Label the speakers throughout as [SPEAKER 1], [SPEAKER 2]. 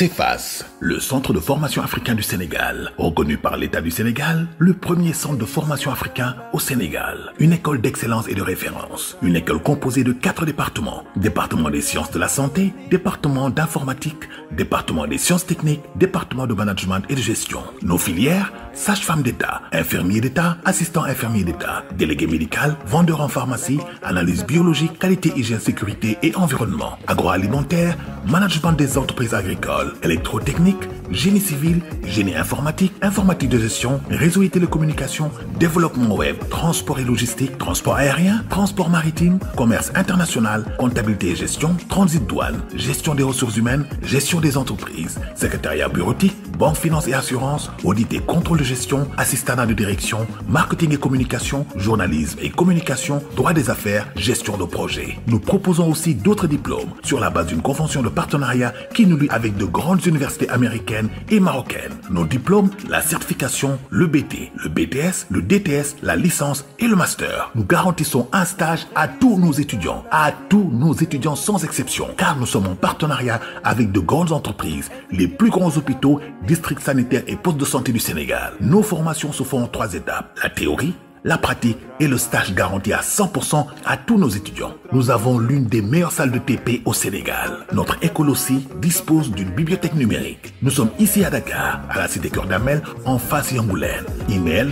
[SPEAKER 1] CEFAS, le centre de formation africain du Sénégal, reconnu par l'État du Sénégal, le premier centre de formation africain au Sénégal, une école d'excellence et de référence, une école composée de quatre départements, département des sciences de la santé, département d'informatique, département des sciences techniques, département de management et de gestion. Nos filières sage-femme d'État, infirmier d'État, assistant infirmier d'État, délégué médical, vendeur en pharmacie, analyse biologique, qualité, hygiène, sécurité et environnement, agroalimentaire, management des entreprises agricoles, électrotechnique, génie civil, génie informatique, informatique de gestion, réseau et télécommunication, développement web, transport et logistique, transport aérien, transport maritime, commerce international, comptabilité et gestion, transit douane, gestion des ressources humaines, gestion des entreprises, secrétariat bureautique, banque, finance et assurance, audit et contrôle de gestion, à de direction, marketing et communication, journalisme et communication, droit des affaires, gestion de projet. Nous proposons aussi d'autres diplômes sur la base d'une convention de partenariat qui nous lie avec de grandes universités américaines et marocaine. Nos diplômes, la certification, le BT, le BTS, le DTS, la licence et le master. Nous garantissons un stage à tous nos étudiants, à tous nos étudiants sans exception, car nous sommes en partenariat avec de grandes entreprises, les plus grands hôpitaux, districts sanitaires et postes de santé du Sénégal. Nos formations se font en trois étapes. La théorie, la pratique et le stage garantis à 100% à tous nos étudiants. Nous avons l'une des meilleures salles de TP au Sénégal. Notre école aussi dispose d'une bibliothèque numérique. Nous sommes ici à Dakar, à la cité Cœur d'Amel, en face Yangoulène. Email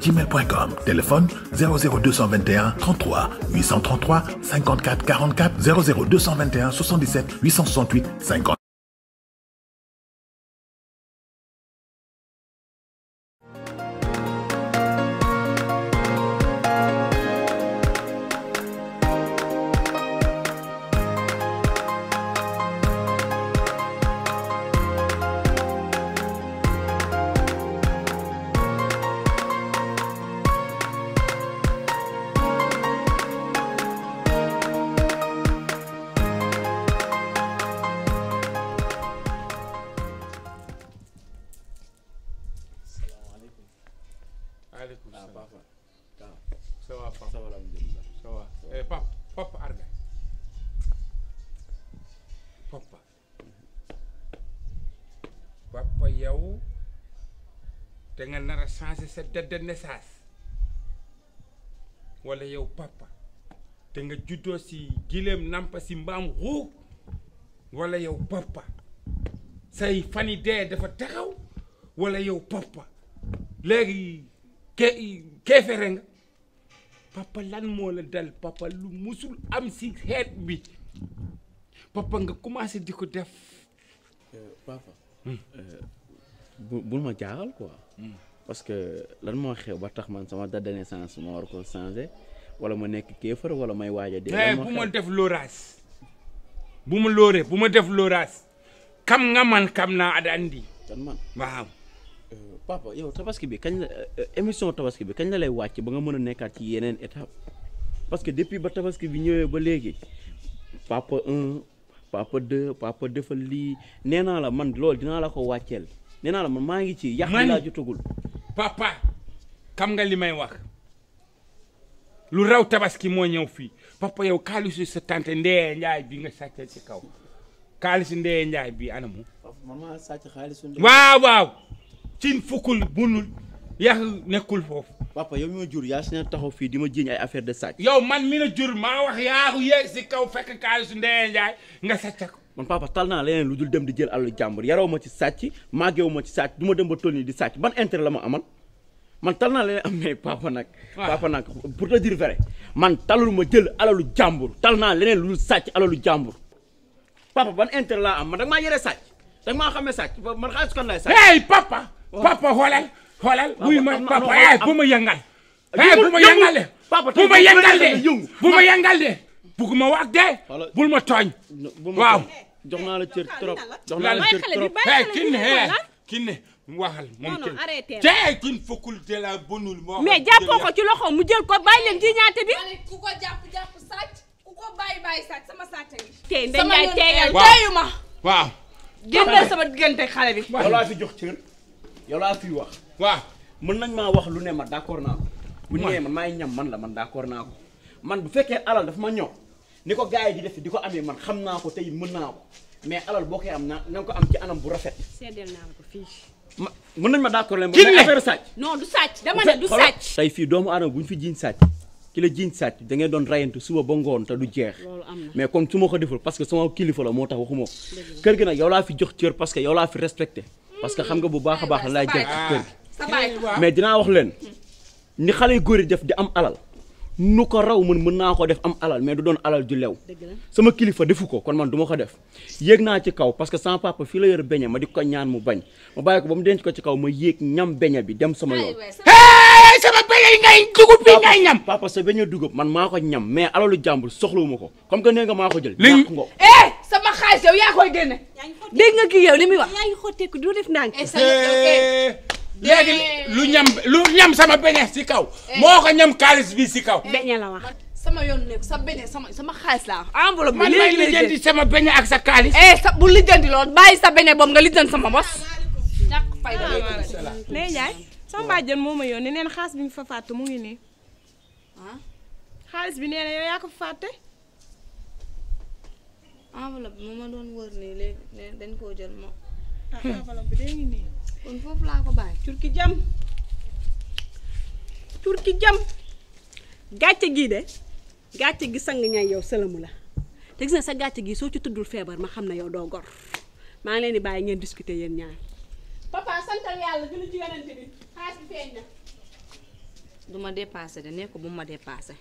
[SPEAKER 1] gmail.com Téléphone 00221 33 833 54 44 00221 77 868 50.
[SPEAKER 2] te nga nar a changer sa date de naissance wala yow papa te nga juddoo si gileem nàmpa si mbaam xuug wala yow papa say fani dee dafa taxaw wala yow papa léegi ke keefere nga papa lan moo la dal papa lu musul am si xeet bi papa nga commencé di ko def
[SPEAKER 3] euh, hmm. euh, bu bul ma jaaxal quoi. parce que lan moo xew ba tax man sama date de naissance ma war ko changer wala ma nekk kéefar wala may waaj a dee. Eh, bu ma def
[SPEAKER 2] loraas bu ma looree bu ma def loraas kam nga man kam naa
[SPEAKER 3] andi. kan man waaw. Euh, papa yow tabaski bi kañ la euh, émission tabaski bi kañ la lay wàcc ba nga mën a nekkaat ci yeneen étape parce que depuis ba tabaski bi ñëwee ba léegi papa un papa deux lii nee naa la man loolu dinaa la ko wàcceel. nee naa la man maa ngi ci eu laa jotagul papa xam nga li
[SPEAKER 2] eu wax lu raw tabaski moo ñëw fii papa yow kaalisu sa tante ndeyee njaay bi nga sàcc ci kaw kaalisu ndeyee njaay bi anamu
[SPEAKER 3] waaw waaw cin fukkul bunul yàq nekkul foofu papa yow mi ma jur yaa si ne taxaw fii di ma jiiñ ay affaire de sàcc yow man mi na jur maa wax yaaku yéeg si kaw fekk kaalisu ndeyee njaay nga sàcc ko man papa tal naa leneen lu dul dem di jël àllu jàmbur yaraw ma ci sàcc màggeewu ma ci sàcc du ma dem ba toll nii di sàcc ban intérêt la ma amal man tal naa leneen am mais papa nag. papa nag pour te dire vrai man talul ma jël lu jàmbur tal naa leneen lu dul sàcc alalu jàmbur. papa ban intérêt la am man da nga maa yore sàcc da nga maa xamee sàcc man xaalis kan laay sàcc. hey papa. papa xoolal xoolal. wuy ma papa eh bu ma yëngal. eh bu ma yëngal de.
[SPEAKER 2] bu ma yëngal de. bugguma wax dee. bul ma tooñ. waaw jox naa la cër trop jox naa la cër trop. ma kinne hey kinne waxal moo mais
[SPEAKER 4] jàppoo mu jël ko bàyyi leen bi. ku ko jàpp jàpp sàcc ku ko bàyyi bàyyi sàcc sama sàcc ma. waaw. génnal sama diggante xale
[SPEAKER 3] bi. yow laa fi jox cër yow laa fi wax. mën nañ maa wax lu ne ma d'accord naa ko. bu ñu nee man maay ñam man la man d'accord naa ko man bu fekkee alal daf ma ñor. ni ko gars yi di def di ko amee man xam naa ko tey mën naa ko mais alal boo koy am na na ko am ci anam bu rafet.
[SPEAKER 4] seedeel naa ko fii.
[SPEAKER 3] ma mën nañu ma d'accord leen. kii affaire sàcc.
[SPEAKER 4] non du sàcc dama ne du sàcc.
[SPEAKER 3] tey fii doomu aadama bu ñu fi jiiñ sàcc ki la jiiñ sàcc da ngay doon rayantu suba ba ngoon te du jeex. mais comme su ma ko deful parce que sama kilifa la moo tax waxuma ko. kër gi nag yow laa fi jox cër parce que yow laa fi respecté. parce que xam nga bu baax a baax la laa jël mais dinaa wax leen ni xale yu góor yi def di am alal nu ko raw man mën naa ko def am alal mais du doon alal ju lew sama kilifa defu ko kon man du ma ko def yéeg naa ci kaw parce que sama papa fii la yor beñe ma di ko ñaan mu bañ ma bàyyi ko ba mu denc ko ci kaw ma yéeg ñam beñe bi dem sama yoon hey sama beñe yi ngay dugub bi ngay ñam papa sa beñe dugub man maa ko ñam mais alalu jàmbur soxlawuma ko comme que nee nga maa ko jël ñàkk nga
[SPEAKER 4] eh sama xaalis li muy wax yaa ngi xotteeku
[SPEAKER 2] du def léegi lu ñam lu ñam sama beñe si kaw. Eh. moo ko ñam xaalis bi si kaw.
[SPEAKER 4] beñe la wax. sama yoon nekk sa beñe sama sama xaalis la
[SPEAKER 2] ah. enveloppe bi léegi lijjanti sama beñe ak sa xaalis. Eh, sa bu lijjanti lool bàyyi sa beñe boobu nga lijjanti sama bos.
[SPEAKER 4] ñàkk fay da ngay jaay moo ma neen xaalis bi fa fàtte mu ngi ah? bi nee na yow yaa ko koo enveloppe bi ngi nii foofu laa ko bàyyi turki jam turki jam gàcce gii de gàcce gi sang ngay yow sëlamu la te gis nga sa gàcce gii soo ci tuddul feebar ma xam ne yow doo gor maa ngi leen di bàyyi ngeen discuter yéen ñaar papa santal yàlla julli ci yonent bi xaalis feeñ na
[SPEAKER 2] du ma dépassé de ne ko bu ma dépassé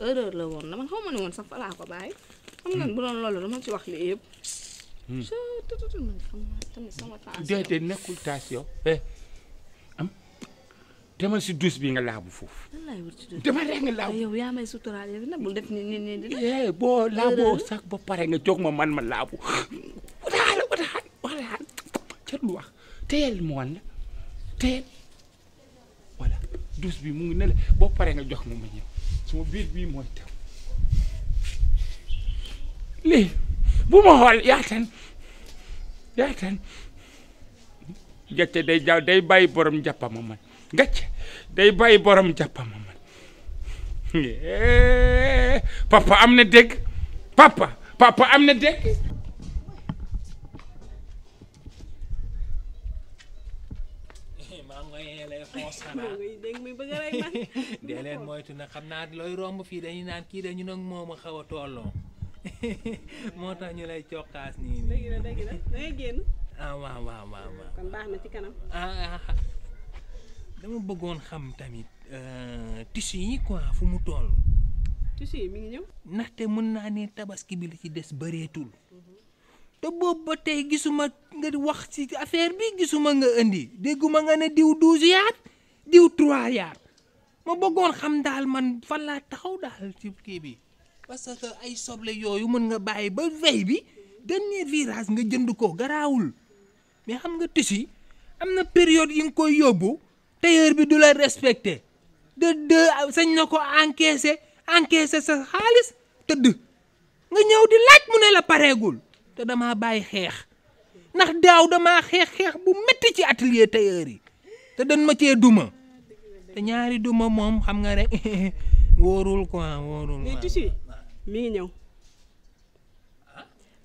[SPEAKER 2] erreur la woon la man xaw ma ne woon sax fa laa ko bàyyi
[SPEAKER 4] xam nga bu doon loolu dama ci wax li yëpp déedéet
[SPEAKER 2] nekkul taas yow eh. am demal si douche bii nga laabu foofu. demal rek nga laabu. yow eh, boo laaboo sax ba nga jóg ma man ma laabu. walaal walaal walaal lu wax teel mu wan teel voilà douche bi mu ngi ne la boo pare nga jox ma ma ñëw suma biir bii mooy taw lii. bu ma xool yaatan yaatan gàcce day jaaw day bàyyi borom ma man gàcce day bàyyi borom jàppama man papa am na dégg papa papa am na dégg
[SPEAKER 4] dee leen moytu na xam naa looy romb fii dañuy naan kii dañu nag moom a xaw a tolloo mo tax ñu lay cokkaas ni nii dëgg la dëgg la ngay genn ah wa wa wa wa kon baax na ci kanam ah dama bëggoon xam tamit euh tissu yi quoi fu mu toll tissu yi mi ngi ñëw ndaxte mën na né tabaski bi li ci dess bëreetul te boobu ba tay gisuma nga wax ci affaire bi gisuma nga indi dégguma nga né diw 12 yaat diw 3 yaat ma bëggoon xam daal man fan la taxaw daal ci kii bi parce que ay soble yooyu mën nga bàyyi ba veille bi dernier virage nga jënd ko garaawul mais xam nga tussi am na période yi nga koy yóbbu tailleur bi du la respecté de de sañ na ko encaissé encaissé sa xaalis tëdd nga ñëw di laaj mu ne la pareegul te damaa bàyyi xeex ndax daaw dama xeex xeex bu métti ci atelier tailleur yi te dañ ma cee duma te ñaari duma moom xam nga rek wóorul quoi wóorul. waaw mi ngi ñëw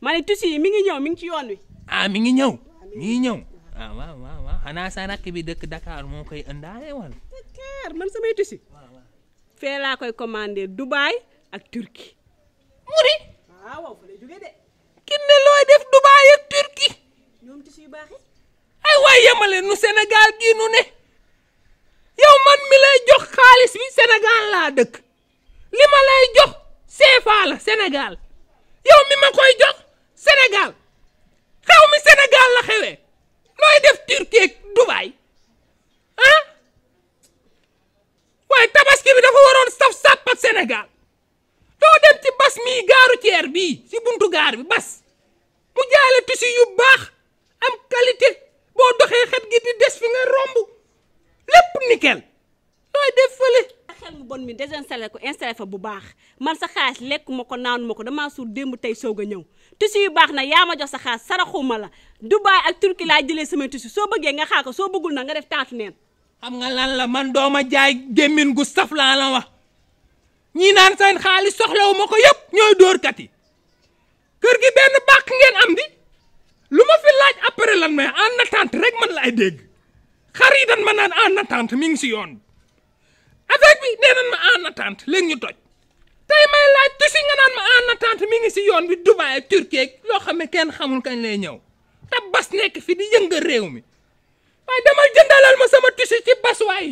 [SPEAKER 4] ma ne tissu yi mi ngi ñëw mi ngi ci yoon wi. ah mi ngi ñëw ah, mi ngi ñëw ah waaw waaw waaw rakk bi dëkk Dakar moo koy indaale wala. Dakar man samay tissu. fee laa koy commandé Dubaï ak Turquie. mu ni. kin ne looy def Dubaï ak Turquie. ñoom tissu yu baax nu Sénégal gii nu ne. yow man mi lay jox xaalis bi Sénégal laa dëkk. li ma lay jox. CFA la Sénégal yow mi ma koy jox Sénégal xew mi Sénégal la xewee looy def Turquie Dubaay ah waaye tabaski bi dafa waroon saf sàpp ak Sénégal dem ci bas mii gaaru ceer bii ci buntu gaar bi bas mu jaale tissu yu baax am qualité boo doxee xet gi di des fi nga romb lépp nickel looy def fële. xel mu bon mi désinstallé ko installé bu baax man sa xaalis ko naanu ko damaa suur démb tey soog a ñëw tissu yu baax na yaa ma jox sa xaalis saraxuma la Dubaay ak Turquie jëlee samay soo bëggee nga xaar ko soo bëggul na nga def taatu neen xam nga lan la man dooma jaay gémmin gu saf laa la wax ñii naan seen xaalis soxlawu ma ko yëpp ñooy dóorkat yi kër gi benn bàq ngeen am di lu ma fi laaj après lan may en attente rek man laay dégg xar ma naan en tànt mi ngi si yoon affaire bi nee ma en attente léegi ñu toj tey may laaj tusi nga naan ma en attente mi ngi si yoon bi Dubaay ak Turquie loo xam ne kenn xamul kañ lay ñëw te bas nekk fi di yëngal réew mi waaye demal jëndalal ma sama tusi ci bas waay